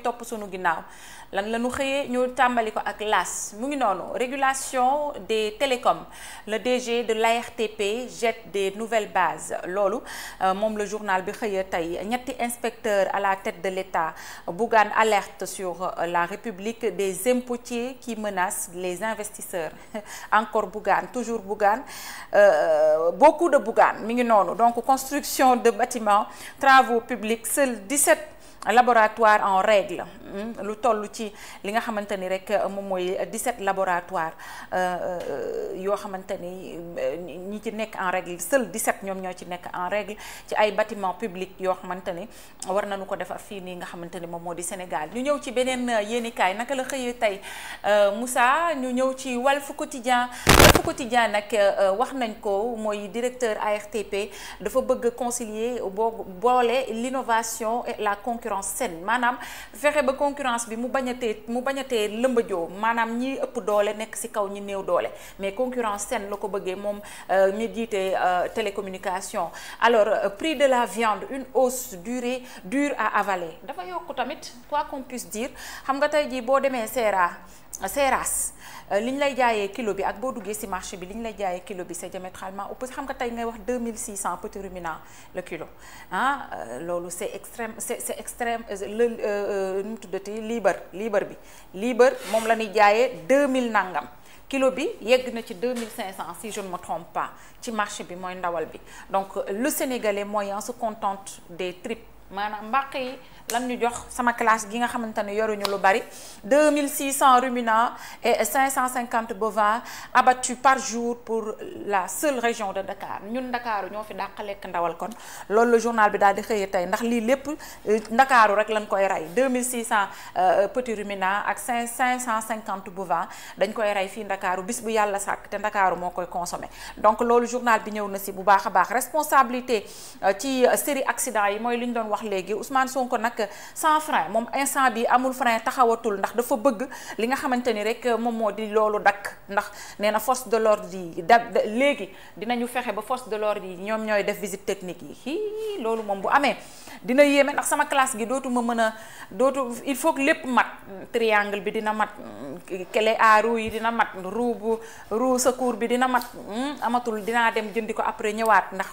topp sunu ginnaaw lan la ñu xëyee ñu tàmbali ko ak las mu ngi noonu régulation des télécoms le DG de l'ARTP jette des nouvelles bases loolu euh, moom la journal bi xëyee tey ñetti inspecteur à la tête de l'État Bougane alerte sur euh, la République des impotiers qui menacent les investisseurs encore Bougane toujours Bougane euh, beaucoup de Bougane mi ngi noonu donc construction de bâtiments travaux publics seuls laboratoire en règle hmm, lu toll ci li nga xamante ni rek euh, moom mooy 17 laboratoire euh, euh, yoo xamante ni ñi ci nekk en règle di 17 ñoom ñoo ci nekk en règle ci ay bâtiment public yoo xamante ni war nañu ko defar fii nii nga xamante ni moom moo di Sénégal ñu ñëw ci beneen yéenikaay naka la xëyee tey Moussa ñu ñëw ci wal Walf Quotidien Walf Quotidien nag wax nañ ko mooy directeur ARTP dafa bëgg concilier boo boole l'innovation la concurrence concurrence saine maanaam fexe ba concurrence bi mu bañ a tee mu bañ a tee lëmbajoo maanaam ñi ëpp doole nekk ci kaw ñi néew doole mais concurrence saine la ko bëggee moom euh, ñu jiite euh, télécommunication alors euh, prix de la viande une hausse durée dure à avaler dafa yokku tamit quoi qu'on puisse dire xam nga tey jii boo demee Seera Euh, Seras euh, li ñu lay jaayee kilo bi ak boo duggee si marché bi li ñu lay jaayee kilo bi c'est diamétralement opposé xam nga tey ngay wax 2600 petit ruminant le kilo ah euh, loolu c'est extrême c'est c'est extrême le nu mu tuddati liibar liibar bi liibar moom la ñuy jaayee 2000 nangam kilo bi yegg na ci 2500 si je ne me trompe pas ci marché bi mooy ndawal bi donc lu sénégalais moyen se contente des tripes maanaam mbàq yi lan ñu jox sama classe gi nga xamante ne yoruñu lu bari 2600 ruminants et 550 bovins abattus par jour pour la seule région de Dakar ñun ndakaaru ñoo fi dàq lekk ndawal kon loolu la journal bi daal di xëyee tey ndax lii lépp euh, Ndakaaru rek lañ koy rey 2600 petits ruminants ak 5 550 bovins dañ koy rey fii Ndakaaru bis bu yàlla sàkk te Ndakaaru moo koy consommé donc ñëw na si bu baax a baax responsabilité euh, ci euh, série accident yi mooy li doon wax. wax léegi Ousmane Sonko nag sans frein moom instant bi amul frein taxawatul ndax dafa bëgg li nga xamante ni rek moom moo di loolu dakk ndax nee na force de l'ordre yi da léegi dinañu fexe ba force de l'ordre yi ñoom ñooy def visite technique yi hii loolu moom bu amee dina yéeme ndax sama classe gi dootuma mën a dootu il faut que lépp mat triangle bi dina mat clé à yi dina mat roue bu roue secours bi dina mat hmm, amatul dinaa dem jëndi ko après ñëwaat ndax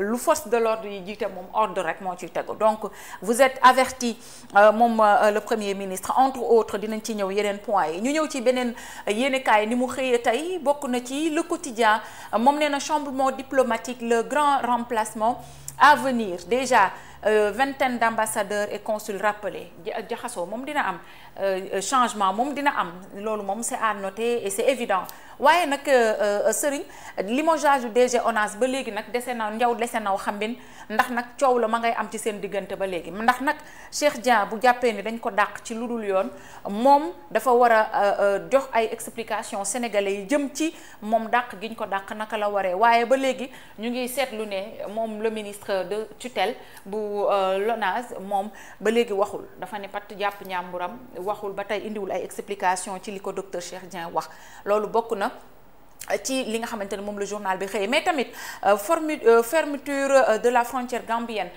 lu force de l'ordre yi jiite moom ordre moo ciy tegu donc vous êtes averti euh, moom euh, le premier ministre entre autres dinañ ci ñëw yeneen point yi ñu ñëw ci beneen euh, yéenekaay ni mu xëyee tey bokk na ci le quotidien moom nee na chamboulement diplomatique le grand remplacement à venir déjà Euh, vingtaine d'ambassadeurs et consuls rappelés jaxasoo moom dina am euh, changement moom dina am loolu moom c'est à noter et c'est évident waaye nag euh, Serigne limogeage yu DG ONAS ba léegi nag dese na njaw dese naw xambin ndax nag coow la ma ngay am ci seen diggante ba léegi ndax nag Cheikh Dia bu jàppee ni dañ ko dàq ci lu dul yoon moom dafa war a jox ay explication sénégalais yi jëm ci moom dàq giñ ko dàq naka la waree waaye ba léegi ñu ngi seetlu ne moom le ministre de tutelle bu. bu euh, LONASE moom ba léegi waxul dafa ne pat jàpp njàmburam waxul ba tey indiwul ay explication ci li ko docteur Cheikh Dieng wax loolu bokk na ci li nga xamante ne moom la journal bi xëyee mais tamit euh, formu euh, fermeture euh, de la frontière gambienne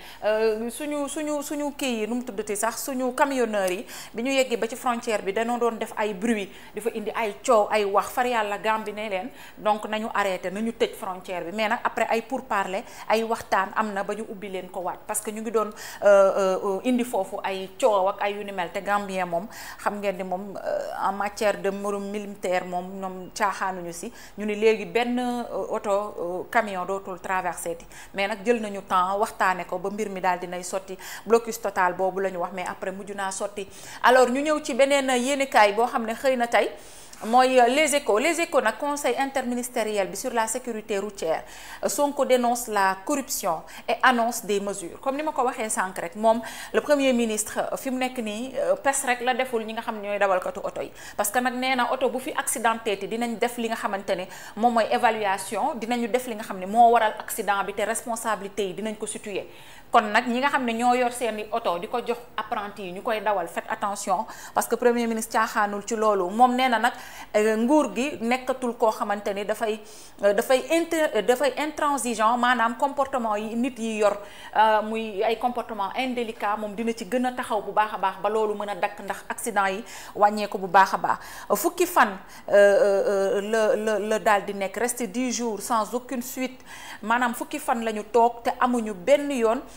suñu suñu suñu kii yi nu mu tuddati sax suñu camionneurs yi bi ñu yeggee ba ci frontière bi dañoo doon def ay bruit dafa indi ay coow ay wax far yàlla Gambie ne leen donc nañu arrêté nañu tëj frontière bi mais nag après ay pourparlers ay waxtaan am na ba ñu ubbi leen ko waat parce que ñu ngi doon indi foofu ay coow ak ay yu ni mel te Gambien moom xam ngeen ni moom en matière de mbirum militaire moom ñoom caaxaanuñu si. ñu ni léegi benn euh, oto euh, camion dootul traversé ti mais nag jël nañu temps waxtaane ko ba mbir mi daal dinay sotti blocus total boobu la ñu wax mais après mujj naa sotti alors ñu ñëw ci beneen yéenekaay boo xam ne xëy na tey mooy euh, les échos les échos nag conseil interministériel bi sur la sécurité routière euh, Sonko dénonce la corruption et annonce des mesures comme ni ma ko waxee sànq rek moom le premier ministre euh, fi mu nekk nii pes rek la deful ñi nga xam ñooy dawalkatu oto yi parce que nag nee na oto bu fi accidenté te dinañ def li nga xamante ne moom mooy évaluation dinañu def li nga xam ne moo waral accident bi te responsabilité yi dinañ ko situer kon nag ñi nga xam ne ñoo yor seeni oto di ko jox apprenti yi ñu koy dawal faites attention parce que premier ministre caaxaanul ci loolu moom nee na nag euh, nguur gi nekkatul koo xamante ni dafay euh, dafay inter euh, dafay intransigeant maanaam comportement yi nit yi yor muy ay comportement indélicat moom dina ci gën a taxaw bu baax a baax ba loolu mën a dakk ndax accident yi wàññee bu baax a baax fukki fan la la la daal di nekk reste dix jours sans aucune suite maanaam fukki fan la ñu toog te amuñu benn yoon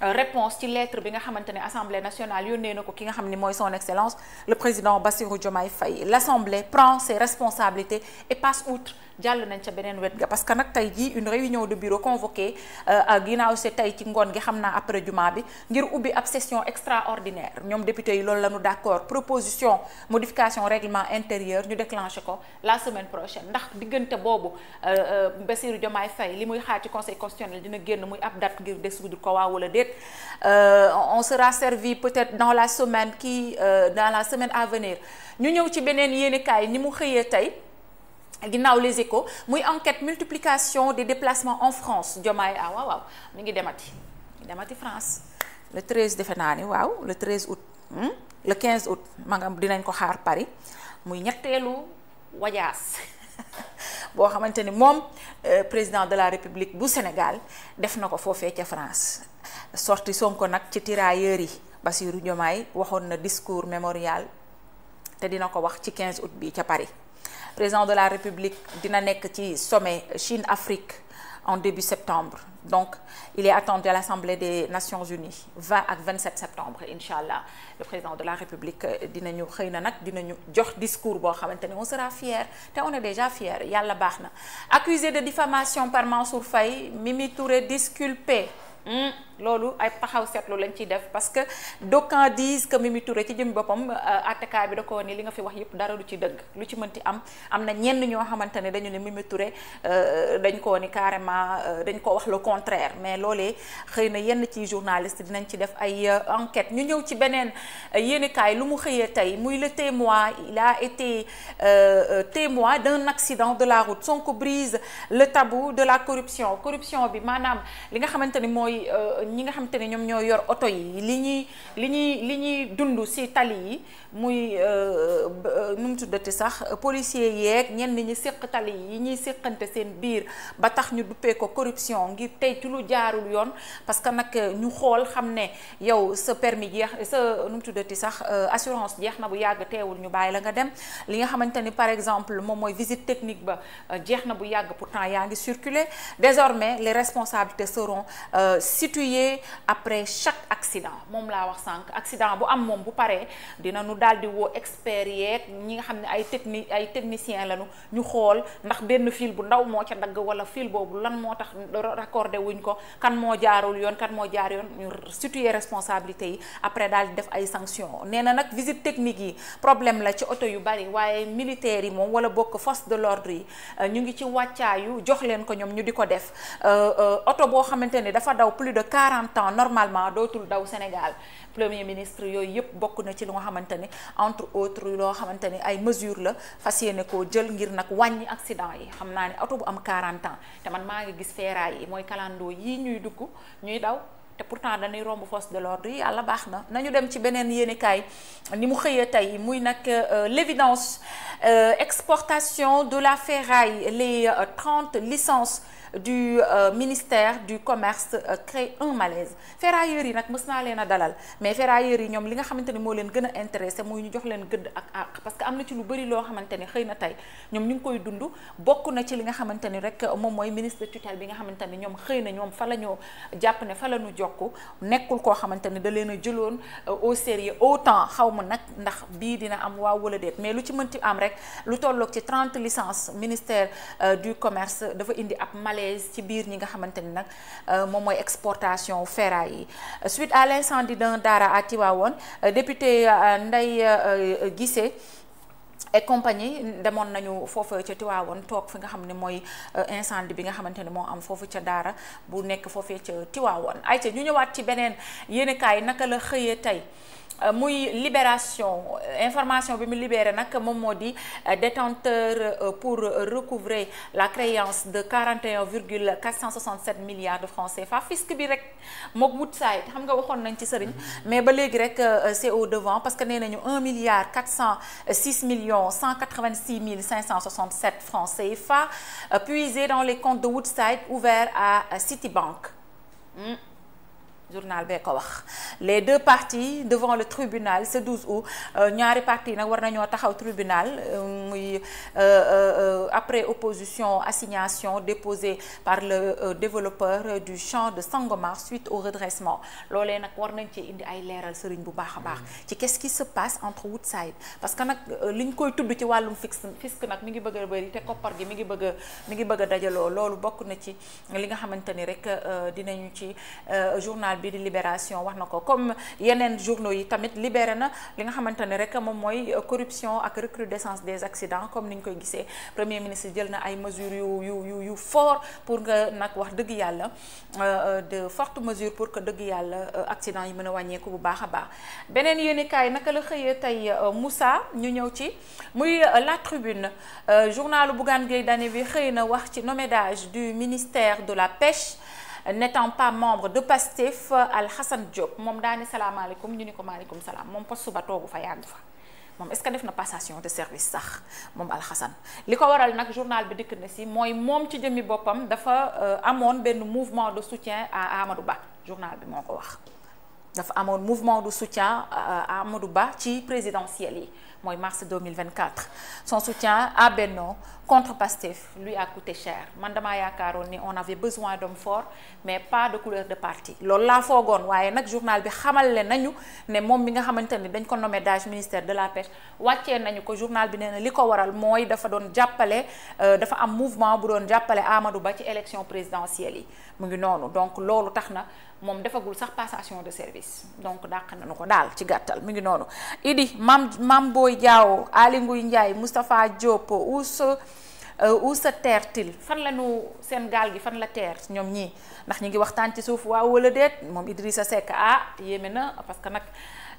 Euh, réponse ci lettre bi nga xamante ne assemblée nationale yónnee na ko ki nga xam ni mooy son excellence le président Bassirou Diomaye Faye jàll nañ ca beneen wet ga parce que nag tey jii une réunion de bureau convoquée euh, ginnaaw si tey ci ngoon gi xam naa après juma bi ngir ubbi ab session extraordinaire ñoom député yi loolu la ñu d'accord proposition modification règlement intérieur ñu déclenché ko la semaine prochaine ndax diggante boobu euh, Bassirou Diomaye Faye li muy xaar ci conseil constitutionnel dina génn muy ab date ngir désoudre ko waaw wala déet peut euh, on sera servi peut-être dans la semaine qui euh, dans la semaine à venir ñu ñëw ci beneen yéenekaay ni mu xëyee tey ginnaaw les échos muy enquête multiplication de déplacement en France Diomaye ah waaw mi ngi demati demati France le 13 defe naa ni waaw le 13 août hmm? le 15 août ma nga dinañ ko xaar Paris muy ñetteelu wajaas boo xamante ni moom euh, président de la République bu Sénégal def na ko foofee ca France sorti Sonko nag ci tirailleurs yi Bassirou Diomaye waxoon na discours mémorial te dina ko wax ci 15 août bi ca Paris président de la République dina nekk ci sommet Chine Afrique en début septembre donc il est attendu à l'Assemblée des Nations Unies 20 ak 27 septembre incha allah le président de la République euh, dinañu xëy na nag dina ñu jox discours boo xamante ne on sera fier te on déjà fier yàlla baax na accusé de diffamation par Mansour Faye Mimi Touré disculpé Hmm, loolu ay taxaw seetlu lañ ciy def parce que d'aucuns disent que Mimi Touré ci jëm boppam euh, attekaay bi da ko ni li nga fi wax yëpp dara lu ci dëgg lu ci mënti am am na ñenn ñoo xamante ne dañu ne Mimi Touré euh, dañ koo ni carrément euh, dañ koo wax le contraire mais loolee xëy na yenn ci journaliste dinañ ci def ay enquête ñu ñëw ci beneen yéenekaay lu mu xëyee tey muy le témoin il a été témoin d'un accident de la route Sonko brise le tabou de la corruption corruption bi maanaam li mooy euh, ñi nga xamante ne ñoom ñoo yor oto yi li ñuy li ñuy li ñuy dund si tali yi muy euh, euh, nu mu tuddati sax policier yeeg ñenn ñi séq tali yi ñuy séqante seen biir ba tax ñu duppee ko corruption ngir tey ci lu jaarul yoon parce que nag ñu xool xam ne yow sa permis jeex sa nu mu tuddati sax assurance jeex na bu yàgg teewul ñu bàyyi la nga dem li nga xamante ni par exemple moom mooy visite technique ba jeex na bu yàgg pourtant yaa ngi circuler désormais les responsabilités seront situer après chaque accident moom laa wax sànq accident bu am moom bu paree dina nu daal di woo experts yeeg ñi nga xam ne ay techni ay technicien lañu ñu xool ndax benn fil bu ndaw moo ca dagg wala fil boobu lan moo tax raccordé wuñ ko kan moo jaarul yoon kan moo jaar yoon ñu situer responsabilité yi après dal di def ay sanctions nee na nag visite technique yi problème la ci oto yu bari waaye militaires yi moom wala bokk force de l'ordre yi euh, ñu ngi ci wàccaayu jox leen ko ñoom di ko def euh, euh, daw plus de quarante ans normalement dootul daw Sénégal premier ministre yooyu yëpp bokk na ci lu nga xamante ni entre autres loo xamante ni ay mesures la fas yéene koo jël ngir nag wàññi accident yi xam naa ni oto bu am quarante ans te man maa ngi gis feeraay yi mooy kalandoo yii ñuy dugg ñuy daw te pourtant dañuy romb force de l'ordre yi yàlla baax na nañu dem ci beneen yéenekaay ni mu xëyee tey muy nag euh, l'évidence euh, exportation de la ferraille les 30 euh, licences du euh, ministère du commerce euh, crée un malaise ferrailleurs yi nag mës naa leen a dalal mais ferrailleurs yi ñoom li nga xamante ni moo leen gën a intéressé mooy ñu jox leen gëdd ak àq parce que am na ci lu bëri loo xamante ni xëy na tey ñoom ñu ngi koy dund bokk na ci li nga xamante ni rek moom mooy ministre de bi nga xamante ni ñoom xëy na ñoom fa la ñoo jàpp ne fa la ñu jokk nekkul koo xamante ni da leen a jëloon euh, au sérieux autant xaw ma nag ndax bii dina am waaw wala déet mais lu ci mënti am rek lu tolloog ci 30 licences ministère du commerce dafa indi ab malaise l'aise ci biir ñi nga xamante ni nag euh, moom mooy exportation ferraille yi suite à l'incendie d'un daara à Tivaouane euh, député euh, nday gise et compagnie demoon nañu foofu ca Tiwaawoon toog fi nga xam ni mooy incendie bi nga xamante ne moo am foofu ca daara bu nekk foofu ca Tiwaawoon ay ca ñu ñëwaat ci beneen yéenekaay naka la xëyee tey Euh, muy libération euh, information bi mu libéré nag moom moo di euh, détenteur pour recouvrer la créance de 41 virgule 467 milliards de francs CFA fisc bi rek mook Woodside xam nga waxoon nañ ci sëriñ mais ba léegi rek c'est au devant parce que nee nañu 1 milliard 406 millions 186 mille 567 francs CFA puisés dans les comptes de Woodside ouverts à Citibank. Mm. journal bee ko wax les deux parties devant le tribunal ce 12 août euh, ñaari parties nag war nañoo taxaw tribunal euh, muy euh, après opposition assignation déposée par le développeur du champ de Sangomar suite au redressement loole nag war nañ ci indi ay leeral sëriñ bu baax a baax mm. ci qu'est-ce qui se passe entre Woodside parce que nag li ñu koy tudd ci wàllum fisc fisc nag mi ngi bëgg bëri te koppar gi mi ngi bëgg mi ngi bëgg dajaloo loolu bokk na ci li nga xamante ni rek dinañu ci journal bi di libération wax na ko comme yeneen journaux yi tamit libéré na li nga xamante ne rek moom mooy corruption ak recrudescence des accidents comme ni ñu koy gisee premier ministre jël na ay mesures yu yu yu yu fort pour nga nag wax dëgg yàlla euh, euh, de fortes mesures pour que dëgg yàlla euh, accident yi mën a wàññeeku bu baax a baax beneen yéenekaay naka la xëyee tey Moussa ñu ñëw ci muy la tribune journalu Bougane Gueye Dany bi xëy na wax ci nommage du ministère de la pêche n'étant pas membre de PASTEF euh, Alhassane Diop moom daani salaamaaleykum ñu ni ko maaleykum salaam moom poste ba toogu fa yàgg fa moom est-ce que def na passation de service sax moom Alhassane li ko waral nag journal bi dikk na si mooy moom ci jëmmi boppam dafa euh, amoon benn mouvement de soutien à Amadou Ba journal bi moo ko wax dafa amoon mouvement de soutien euh, à Amadou Ba ci présidentielle yi mooy mars 2024 son soutien à Benno contre Pastef lui a coûté cher man damaa yaakaaroon ni on avait besoin d'hommes forts mais pas de couleur de parti loolu laa foogoon waaye nag journal bi xamal leen nañu ne moom mi nga xamante ni dañ ko nommé dage ministère de la pêche wàccee nañu ko journal bi nee na li ko waral mooy dafa doon jàppale euh, dafa am mouvement bu doon jàppale Amadou Ba ci élection présidentielle yi mu ngi noonu donc loolu tax na moom defagul sax passation de service donc dàq nañu ko daal ci gàttal mu ngi noonu Boy Diaw Aly Ngouille Ndiaye Moustapha Diop Ousa euh, Ousa Tertil fan la ñu seen gaal gi fan la teer ñoom ñii ndax ñu ngi waxtaan ci suuf waaw wala déet moom Idrissa Seck ah yéeme na parce nag.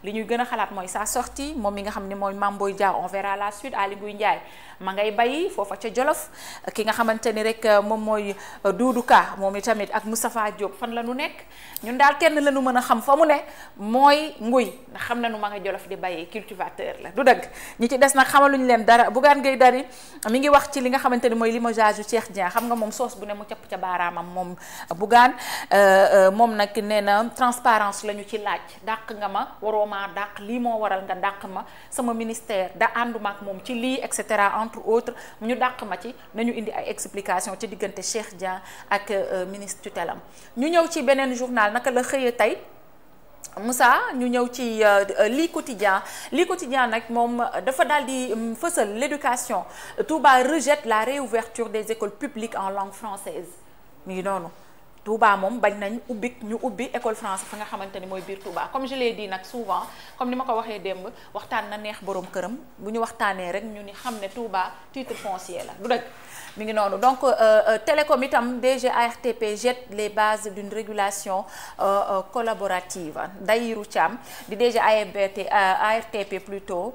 li ñuy gën a xalaat mooy sa sortie moom mi nga xam ne mooy Mame Boye Diao on verra la suite Aly Ngouille Ndiaye ma ngay bay foofa ca Jolof ki nga xamante ni rek euh, moom mooy euh, Doudou Ka moom i tamit ak Moustapha Diop fan la nu nekk ñun daal kenn la nu mën a xam fa mu ne mooy nguy ndax xam nañu ma nga Jolof di bayee cultivateur la du dëgg ñi ci des nag xamaluñu leen dara Bougane Gueye Dany mi ngi wax ci li nga xamante ni mooy limogeage yu Cheikh Dieng xam nga moom soos bu ne mu capp ca baaraamam moom Bougane euh, moom nag nee na transparence la ñu ci laaj dàq nga ma waroo ma dàq lii moo waral nga dàq ma sama ministère da ànduma ak moom ci lii et cetera entre autres ñu dàq ma ci nañu indi ay explication ci diggante Cheikh Dieng ak euh, ministre tutelle am ñu ñëw ci beneen journal naka la xëyee tey. Moussa ñu ñëw ci euh, lii quotidien lii quotidien nag moom dafa daal di euh, fësal l'éducation Touba rejette la réouverture des écoles publiques en langue française mi noonu Touba moom bañ nañ ubbi ñu ubbi école français fa nga xamante ni mooy biir Touba comme je l'ai dit nag souvent comme ni ma ko waxee démb waxtaan na neex borom këram bu ñu waxtaanee rek ñu ni xam ne Touba titre foncier la du dëgg mi ngi noonu donc euh, euh, télécom itam DG ARTP jette les bases d'une régulation euh, collaborative Dayiru Thiam di DG ARBT ARTP plutôt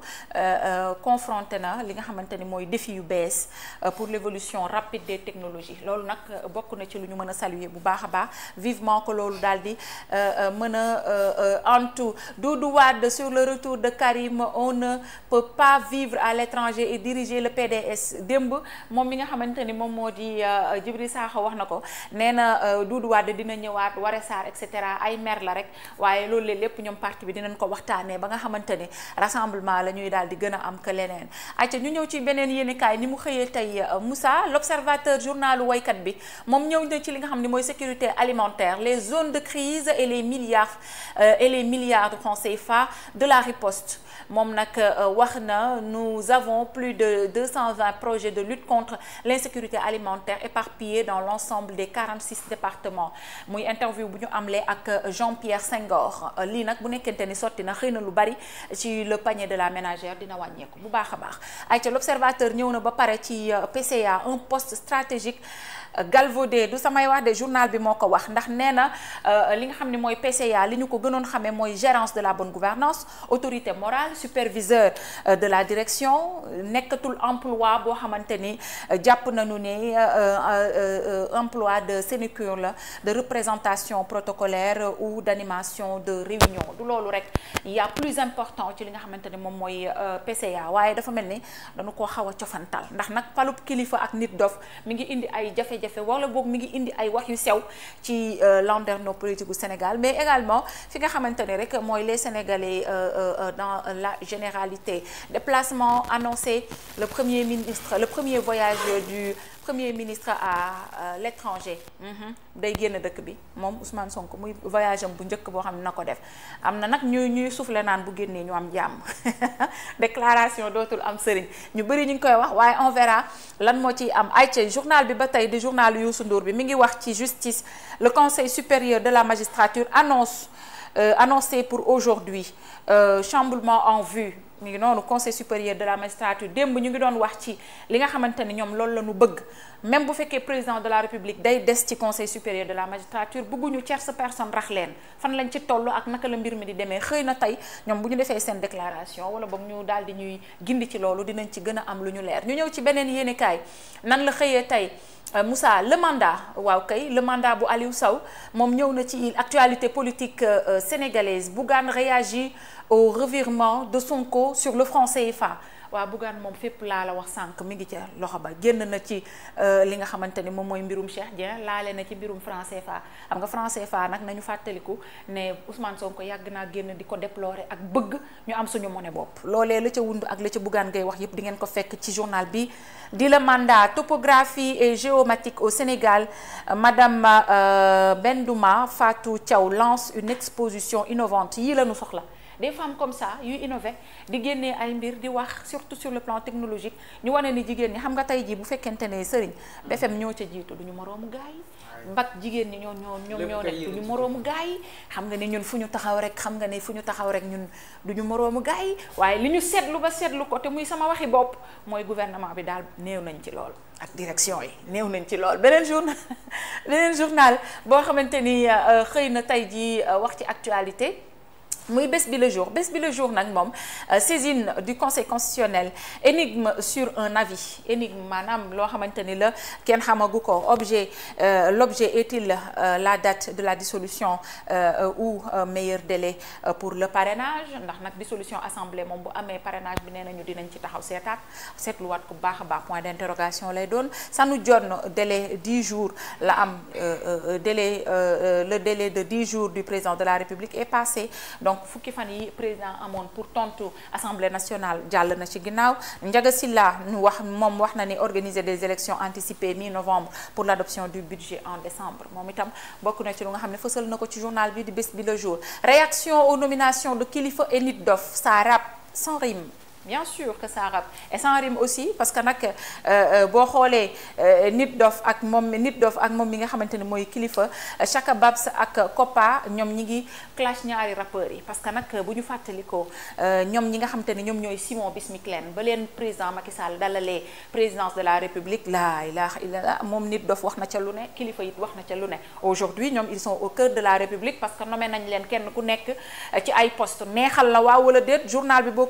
confronté na li nga xamante ni mooy défi yu bees pour l'évolution rapide des technologie loolu nag bokk na ci lu ñu mën a saluer bu baax baax a vivement que loolu daal di euh, euh, mën a en euh, tout Doudou Wade sur le retour de Karim on ne peut pas vivre à l'étranger et diriger le PDS démb moom mi nga xamante ni moom moo di Djibril Sakho wax na ko nee na Doudou Wade dina ñëwaat Waré Sarr et cetera ay mer la rek waaye loolu leen lépp ñoom parti bi dinañ ko waxtaanee ba nga xamante ni rassemblement la ñuy daal di gën a am que leneen ayca ñu ñëw ci beneen yéenekaay ni mu xëyee tey Moussa l'observateur journalu waykat bi sécurité alimentaire les zones de crise et les milliards euh, et les milliards de francs CFA de la riposte moom nag euh, wax na nous avons plus de 220 projets de lutte contre l'insécurité alimentaire éparpillés dans l'ensemble des 46 départements muy interview bu ñu amlee ak euh, Jean-Pierre Senghor euh, lii nag bu nekkente ni sotti na xëy na lu bari ci le panier de la ménagère dina wàññeeku bu baax a baax ay ca l'observateur ñëw na ba pare ci PCA un poste stratégique galvaudé du samay wax de journal bi moo ko wax ndax nee na li nga xam ni mooy PCA li ñu ko gënoon xamee mooy gérance de la bonne gouvernance autorité morale superviseur euh, de la direction nekkatul emploi boo xamante ni euh, jàpp nañu ne euh, emploi de sénécure la de représentation protocolaire ou d'animation de réunion du loolu rek y a plus important ci li nga xamante ni moom mooy PCA waaye dafa mel ni danu ko xaw a cofantal ndax nag palub kilifa ak nit dof mi ngi indi ay jafe-jafe wala boog mi ngi indi ay wax yu sew ci landerneau politique bu Sénégal mais également fi nga xamante ne rek mooy les Sénégalais dans la généralité. Déplacement annoncé, le premier ministre, le premier voyage du premier ministre à euh, l'étranger mhm. day génn dëkk bi moom Ousmane Sonko muy voyage am bu njëkk boo xam ne na ko def am na nag ñuy ñuy soufflé naan bu génnee ñu am jàmm déclaration dootul am sëriñ ñu bëri ñu ngi koy wax waaye on verra lan moo ci am ay ci journal bi ba tey di journal Youssou Ndour bi mi ngi wax ci justice le conseil supérieur de la magistrature annonce Euh, annoncé pour aujourd'hui euh, chamboulement en vue mu ngi noonu conseil supérieur de la magistrature démb ñu ngi doon wax ci li nga xamante ni ñoom loolu la ñu bëgg même bu fekkee président de la république day des ci conseil supérieur de la magistrature bëgguñu tierce personne rax leen fan lañ ci toll ak naka la mbir mi di demee xëy na tey ñoom bu ñu defee seen déclaration wala boog ñu daal di ñuy gindi ci loolu dinañ ci gën a am lu ñu leer ñu ñëw ci beneen yéenekaay nan la xëyee tey. Euh, Moussa le mandat waaw kay le mandat bu Aliou Sow moom ñëw na ci actualité politique euh, sénégalaise Bougane réagit au revirement de Sonko sur le franc CFA waa Bougane moom fépp laa la wax sànq mi ngi ca loxo ba génn na ci euh, li nga xamante ni moom mooy mbirum Cheikh Dieng laale na ci mbirum franc CFA xam nga franc CFA nag nañu fàttaliku ne Ousmane ko yàgg naa génn di ko déplorer ak bëgg ñu am suñu monnaie bopp loolee la ca wund ak la ca buggaan ngay wax yépp di ngeen ko fekk ci journal bi di la mandat topographie et géomatique au Sénégal madame euh, Bendouma Fatou Thiaw lance une exposition innovante yii la ñu soxla des femmes comme ça yuy innover di génnee ay mbir di wax surtout sur le plan technologique ñu wane ni jigéen ñi xam nga tey jii bu fekkente ne sëriñ BFM ñoo ca jiitu du ñu moroomu gars yi mbag jigéen ñi ñoo ñoo ñoo nekk du ñu moroomu gars yi xam nga ni ñun fu ñu taxaw rek xam nga ni fu ñu taxaw rek ñun du ñu moroomu gars yi waaye li ñu seetlu ba seetlu ko te muy sama waxi bopp mooy gouvernement bi daal néew nañ ci lool ak direction yi néew nañ ci lool beneen journal beneen journal boo xamante ni euh, xëy na tey jii euh, wax ci actualité muy bés bi le jour bés bi le jour nag moom euh, saisine du conseil constitutionnel énigme sur un avis énigme maanaam loo xamante ni la kenn xamagu ko objet euh, l'objet est-il euh, la date de la dissolution ou meilleur délai pour le parrainage ndax nag dissolution assemblée moom bu amee parrainage bi nee nañu dinañ ci taxaw seetaat seetluwaat ko bu baax a baax point d'interrogation lay doon sanu jonn délai dix jours la am délai le délai de 10 jours du président de la République est passé fukki fan yi président amoon pour tontu assemblée nationale jàll na ci ginnaaw Ndiaga Sylla ñu wax moom wax na ni organiser des élections anticipées mi-novembre pour l'adoption du budget en décembre moom itam bokk na ci lu nga xam ne fësal na ko ci journal bi di bés bi le jour réaction aux nominations de Kilifeu et Nit Doff ça rappe sans rime bien sûr que ça rap et ça rime aussi parce que nag euh, euh, boo xoolee euh, nit dof ak moom ak moom mi nga xamante ni mooy kilifa Chaka Babs ak Kopa ñoom ñi ngi clash ñaari rappeurs yi parce que nag bu ñu fàttalikoo ñoom ñi nga xamante ni ñoom ñooy Simon Bismick Lène ba leen président Macky Sall dalalee présidence de la République laa ilaha illallah moom nit dof wax na ca lu ne kilifa it wax na ca lu ne aujourd'hui ñoom ils sont au de la République parce que nommé nañ leen kenn ku nekk ci ay poste neexal la waaw wala déet journal bi boo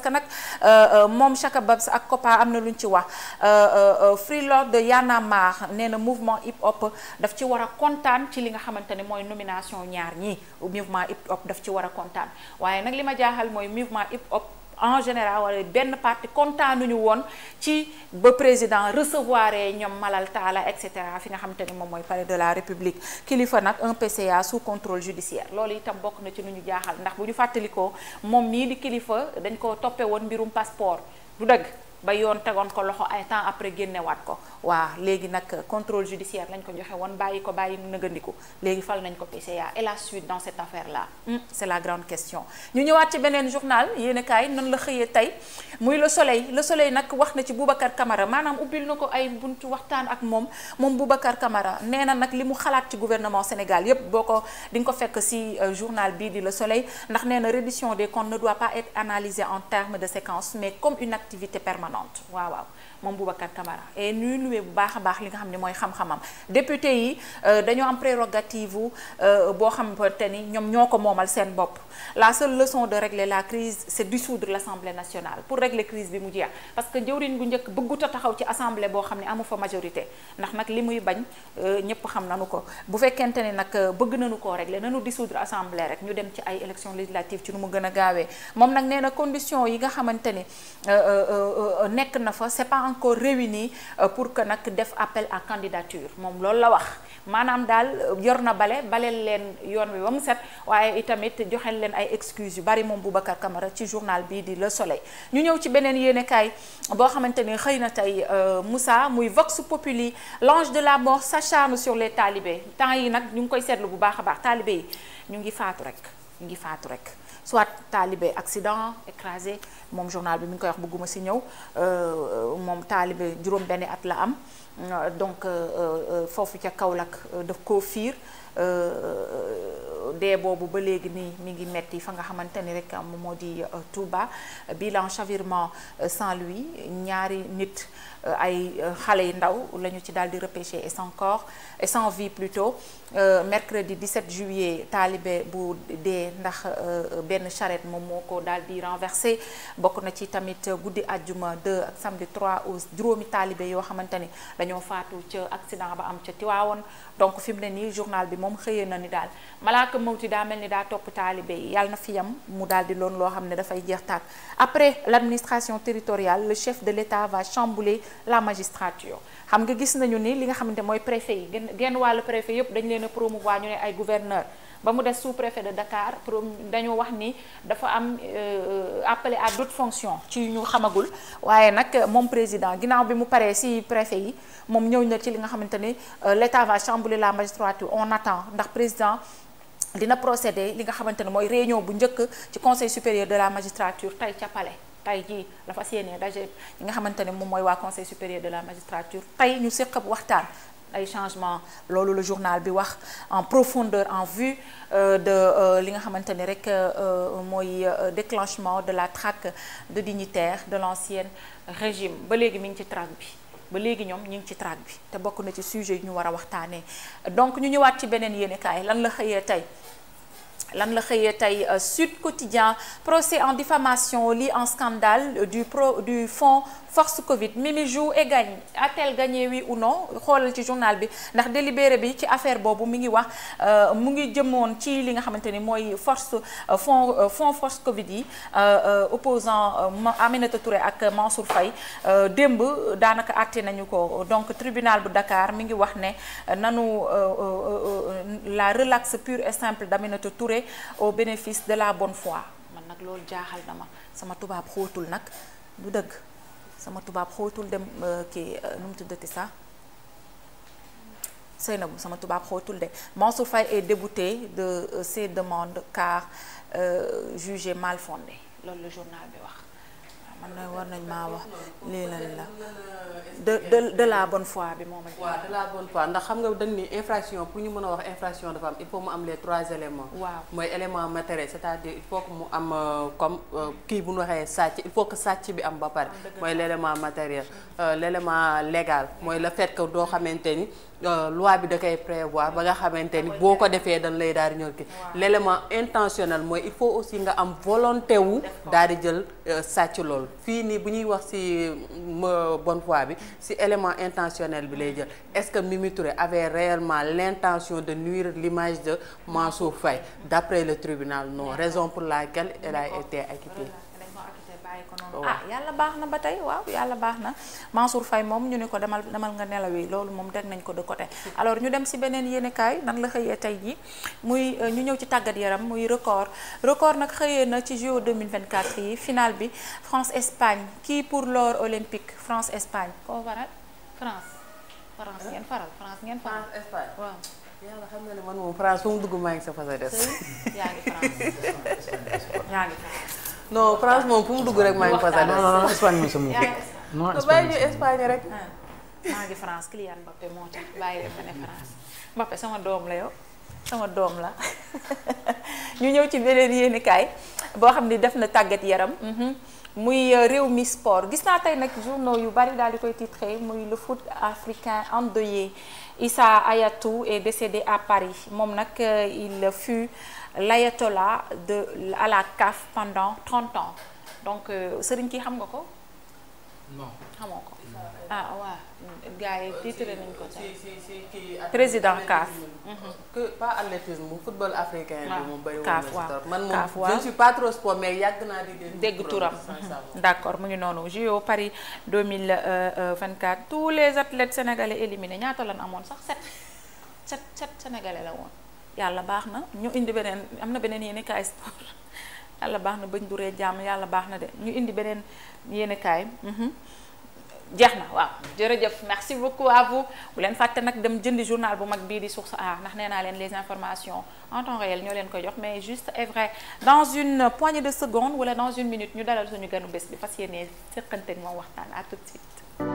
parce que nag euh, euh, moom chaque Babs ak COPPA am na lu ñu ci wax euh, Freelord de Y'en a marre nee na mouvement hip hop daf ci war a kontaan ci li nga xamante ne mooy nomination ñaar ñii mouvement hip hop daf ci war a kontaan waaye nag li ma jaaxal mooy mouvement hip hop. en général wala benn parti kontaanuñu woon ci ba président recevoir ñoom Malal Talla et cetera fi nga xam te ne moom mooy palais de la république kilifa nag un PCA sous contrôle judiciaire loolu itam bokk na ci lu ñu jaaxal ndax bu ñu fàttalikoo moom nii di kilifa dañ ko toppe woon mbirum passeport du dëgg ba yoon tegoon ko loxo ay temps après génnewaat ko waa léegi nag euh, contrôle judiciaire lañ ko joxe woon bàyyi ko bàyyi nëggandiku léegi fal nañ ko PCA et la suite dans cette affaire là hmm, c'est la grande question ñu ñëwaat ci beneen journal yéen a kaay nan la xëyee tey muy le soleil le soleil nag wax na ci bu Boubacar kamara maanaam ubbil na ko ay buntu waxtaan ak moom moom Boubacar Camara nee na nag li mu xalaat ci gouvernement Sénégal yépp boo ko di nga ko fekk si euh, journal bii di le soleil ndax nee na reddition des comptes ne doit en termes de séquence mais comme activité permanente Piemonte. moom Boubacar Camara et ñuy luwee bu baax a baax li nga xam ne mooy xam-xamam député yi euh, dañoo am prérogative euh, boo xam te ni ñoom ñoo ko moomal seen bopp la seule leçon de régler la crise c'est dissoudre l'Assemblée nationale pour régler crise bi mu jeex parce que jëwriñ bu njëkk bëggut a taxaw ci assemblée boo xam ne amu fa majorité ndax nag li muy bañ euh, ñëpp xam nanu ko bu fekkente ne nag bëgg nanu koo régler nanu dissoudre assemblée rek ñu dem ci ay élections législatives ci nu mu gën a gaawee moom nag nee na condition yi nga xamante ni nekk na fa encore réunis euh, pour que nag def appel à candidature moom loolu la wax maanaam daal euh, yor na bale baleel leen yoon bi ba mu set waaye itamit joxe leen ay excuses yu bari moom Boubacar Camara ci journal bii di la Soleil ñu ñëw ci beneen yéenekaay boo xamante ni xëy na tey euh, Moussa muy Vox Populi l'ange de la mort s'acharne sur les talibés temps yi nag ñu ngi koy seetlu bu baax a baax talibé yi ñu ngi faatu rek ñu ngi faatu rek soit taalibe accident écrasé moom journal bi mi ngi koy wax bëgguma si ñëw euh, moom taalibe juróom benn at la am donc euh, euh, foofu ca Kaolack daf koo fiir dee boobu ba léegi nii mi ngi metti fa nga xamante ni rek moom moo di Touba bilan chavirement Saint-Louis ñaari nit Euh, ay euh, xale yu ndaw la ñu ci daal di repêché et sans corps et sans vie plutôt euh, mercredi 17 juillet taalibe bu dee ndax benn charrette moom moo ko daal di renversé bokk na ci tamit guddi àjjuma 2 ak samedi 3 au juróomi taalibe yoo xamante ni dañoo faatu ca accident ba am ca Tiwaawoon donc fi mu ne nii journal bi moom xëyee na ni daal malaaka mawti daa mel ni daa topp taalibe yi na fi yam mu daal di loon loo xam ne dafay jeex taat après l'administration territoriale le chef de l'État va chambouler la magistrature xam nga gis nañu ni li nga xamante mooy préfet yi genn genn wàllu préfet yëpp dañ leen a promouvoir ñu ne ay gouverneur ba mu des sous-préfet de Dakar pro dañoo wax ni dafa am euh, appelé à d'autres fonctions ci ñu xamagul waaye nag euh, moom président ginaaw bi mu paree si préfet yi moom ñëw na ci li nga xamante ni euh, l'État va chambouler la magistrature on attend ndax président dina procéder li nga xamante ne mooy réunion bu njëkk ci conseil supérieur de la magistrature tey ca tey jii dafa fas yéenee daje ñi nga xamante ne moom mooy waa conseil supérieur de la magistrature tey ñu séq ab waxtaan ay changement loolu la journal bi wax en profondeur en vue euh, de euh, li nga xamante ni rek euh, mooy déclenchement de la traque de dignitaires de l'ancien régime ba léegi mi ngi ci traque bi ba léegi ñoom ñu ngi ci traque bi te bokk na ci sujet yi ñu war a waxtaanee donc ñu ñëwaat ci beneen yéenekaay lan la xëyee tey lan la xëyee tey euh, Sud Quotidien procès en diffamation li en scandale du pro du fonds force Covid Mimi jour et gagne a-t-elle gagné oui ou non xoolal ci journal bi ndax délibéré bi ci affaire boobu mu ngi wax euh, mu ngi jëmoon ci li nga xamante ni mooy force euh, fond euh, fond force Covid yi opposant Aminata Touré ak Mansour Faye démb daanaka àtte nañu ko donc tribunal bu Dakar mi ngi wax ne nanu la relaxe pure et simple d'Aminata Touré au bénéfice de la bonne foi man nag loolu jaaxal na ma sama tubaab xóotul nag du dëgg sama tubaab xóotul dem euh, kii euh, nu mu tuddati sax Seynabou sama tubaab xóotul de Mansour Faye est débouté de euh, ses demande car jugé mal fondé loolu la journal bi wax. man nag war nañ maa wax lii lan la de de de la bonne fois bi moom lañ. waaw la bonne foi ndax xam nga dañ ni infraction pour ñu mën a wax infraction dafa am il faut mu am les trois éléments. waaw mooy élément matériel c'est-à-dire il faut que mu am euh, comme euh, kii bu ñu waxee sàcc il faut que sàcc bi am ba pare. mooy l'élément matériel. Euh, l'élément légal mooy la fait que doo xamante ni. Euh, loi bi da koy prévoir ba nga xamante ni boo ko defee dañ lay daal di ñëw ki l'élément intentionnel mooy il faut aussi nga am volonté wu daal di jël euh, sàcc loolu fii nii bu ñuy wax ci euh, bonne foi bi ci élément intentionnel bi lay jël est-ce que Mimi Touré avait réellement l'intention de nuire l'image de Mansour Faye d'après le tribunal non raison pour laquelle elle a été acquittée bàyyi ko noonu oh, ah yàlla baax na ba tey waaw yàlla baax na Mansour Faye moom ñu ne ko demal demal nga nelawi loolu moom dem nañ ko de côté alors ñu dem si beneen yéenekaay nan la xëyee tey ji muy euh, ñu ñëw ci tàggat yaram muy record record nag xëyee na ci JO 2024 yi finale bi France Espagne kii pour l'or olympique France Espagne koo waral France France ngeen faral France ngeen faral Espagne waaw yàlla xam nga ne man moom France fu mu dugg maa ngi sa non France moom fu mu dugg rek maa ngi Fassade. non non Espagne moom sama rek. maa ngi France Kylian Mbappé moo tax bàyyi leen ma ne France Mbappé sama doom la yow sama doom la ñu ñëw ci beneen yéenekaay boo xam ni def na tàggat yaram. Mhm. muy euh, réew mi sport gis naa tey nag journaux yu bari daal di koy titré muy le foot africain endeuillé Issa Hayatou est décédé à Paris moom nag euh, il fut. l'ayatollah de à la CAF pendant 30 donc euh, sëriñ kii xam nga ko. non xamoo ko. ah waaw gars yi nañ ko sax. président CAF. Mhm. que pas athlétisme football africain. bi mu bëri woon man moom je suis pas trop sport naa dégg turam mhm. d'accord mu ngi noonu JO Paris 2024 tous les athlètes sénégalais éliminés ñaata lan amoon sax set set set sénégalais la woon. yàlla baax na ñu indi beneen am na beneen yéene kaay sport yàlla baax na bañ du ree jàmm yàlla baax na de ñu indi beneen yéene kaay mhm. jeex na waaw jërëjëf merci beaucoup à vous bu leen fàtte nag dem jëndi journal bu mag bii di source a ndax nee naa leen les informations en temps réel ñoo leen koy jox mais juste et vrai dans une poignée de secondes wala dans une minute ñu dalal suñu ganu bés bi fas yéene seqante ak moom waxtaan à tout de